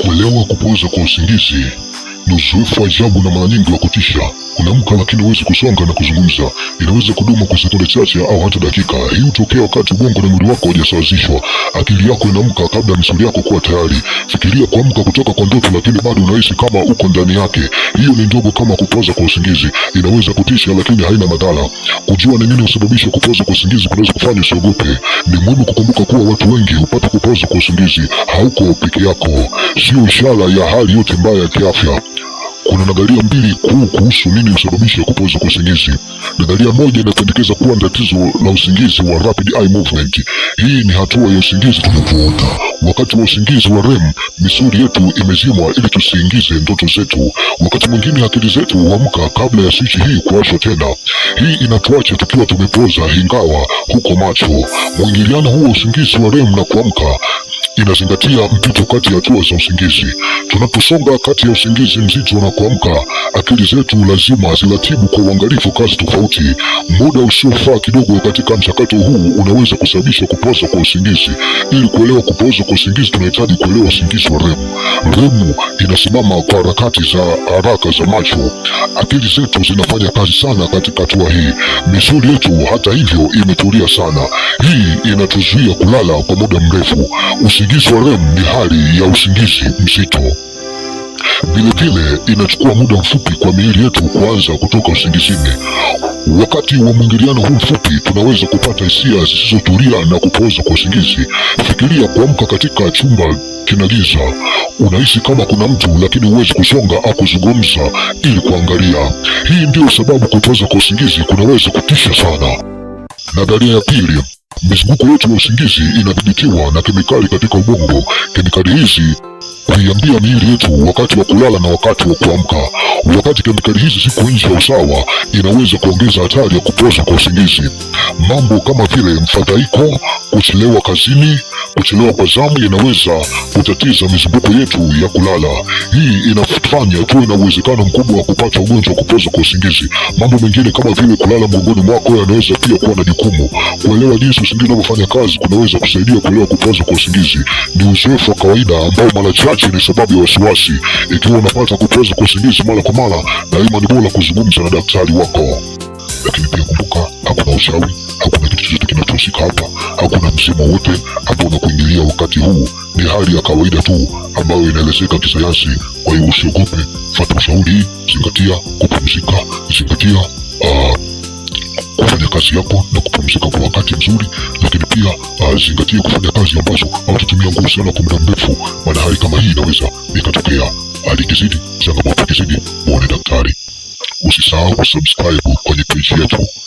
Kuelewa kupoza kwa usingizi ni uzoefu wa ajabu na mara nyingi wa kutisha unamka lakini huwezi kusonga na kuzungumza. Inaweza kudumu kwa sekunde chache au hata dakika. Hii hutokea wakati ubongo na mwili wako hujasawazishwa. Akili yako inaamka kabla ya misuli yako kuwa tayari. Fikiria kuamka kutoka kwa ndoto, lakini bado unahisi kama uko ndani yake. Hiyo ni ndogo kama kupoza kwa usingizi. Inaweza kutisha, lakini haina madhara. Kujua ni nini husababisha kupoza kwa usingizi kunaweza kufanya usiogope. Ni muhimu kukumbuka kuwa watu wengi hupata kupoza kwa usingizi. Hauko peke yako, sio ishara ya hali yote mbaya ya kiafya. Kuna nadharia mbili kuu kuhusu nini husababisha kupooza kwa usingizi. Nadharia moja inapendekeza kuwa ni tatizo la usingizi wa rapid eye movement. Hii ni hatua ya usingizi tunapoota. Wakati wa usingizi wa REM, misuli yetu imezimwa ili tusiingize ndoto zetu. Wakati mwingine akili zetu huamka kabla ya swichi hii kuwashwa tena. Hii inatuacha tukiwa tumepooza, ingawa huko macho. Mwingiliano huo usingizi wa REM na kuamka inazingatia mpito kati ya hatua za usingizi. Tunaposonga kati ya usingizi mzito na kuamka, akili zetu lazima ziratibu kwa uangalifu kazi tofauti. Muda usiofaa kidogo katika mchakato huu unaweza kusababisha kupoza kwa usingizi. Ili kuelewa kupoza kwa usingizi, tunahitaji kuelewa usingizi wa REM. REM inasimama kwa harakati za haraka za macho. Akili zetu zinafanya kazi sana katika hatua hii. Misuli yetu hata hivyo imetulia sana. Hii inatuzuia kulala kwa muda mrefu. Usi Usingizi wa REM ni hali ya usingizi mzito. Vilevile inachukua muda mfupi kwa miili yetu kuanza kutoka usingizini. Wakati wa mwingiliano huu mfupi, tunaweza kupata hisia zisizotulia na kupooza kwa usingizi. Fikiria kuamka katika chumba kina giza, unahisi kama kuna mtu lakini huwezi kusonga au kuzungumza ili kuangalia. Hii ndiyo sababu kupooza kwa usingizi kunaweza kutisha sana. Nadharia ya pili Mizunguko yote ya usingizi inadhibitiwa na kemikali katika ubongo. Kemikali hizi kuiambia miili yetu wakati wa kulala na wakati wa kuamka. Wakati kemikali hizi ziko nje ya usawa, inaweza kuongeza hatari ya kupoza kwa usingizi. Mambo kama vile mfadhaiko, kuchelewa kazini kuchelewa kwa zamu inaweza kutatiza mizunguko yetu ya kulala. Hii inafanya tuwe na uwezekano mkubwa wa kupata ugonjwa wa kupoza kwa usingizi. Mambo mengine kama vile kulala mgongoni mwako yanaweza pia kuwa na jukumu. Kuelewa jinsi usingizi unavyofanya kazi kunaweza kusaidia kuelewa kupoza kwa usingizi. Ni uzoefu wa kawaida ambao mara chache ni sababu ya wasiwasi. Ikiwa unapata kupoza kwa usingizi mara kwa mara, daima ni bora kuzungumza na daktari wako. Lakini pia kumbuka, hakuna uchawi, hakuna kitu kinachosika hapa. Hakuna msemo wote ambao unakuingilia wakati huu, ni hali ya kawaida tu ambayo inaelezeka kisayansi. Kwa hiyo usiogope, fuata ushauri, zingatia kupumzika, zingatia uh, kufanya kazi yako na kupumzika kwa wakati mzuri, lakini pia uh, zingatia kufanya kazi ambazo hautatumia nguvu sana kwa muda mrefu, maana hali kama hii inaweza ikatokea. Hali kizidi, changamoto kizidi, muone daktari. Usisahau kusubscribe kwenye page yetu.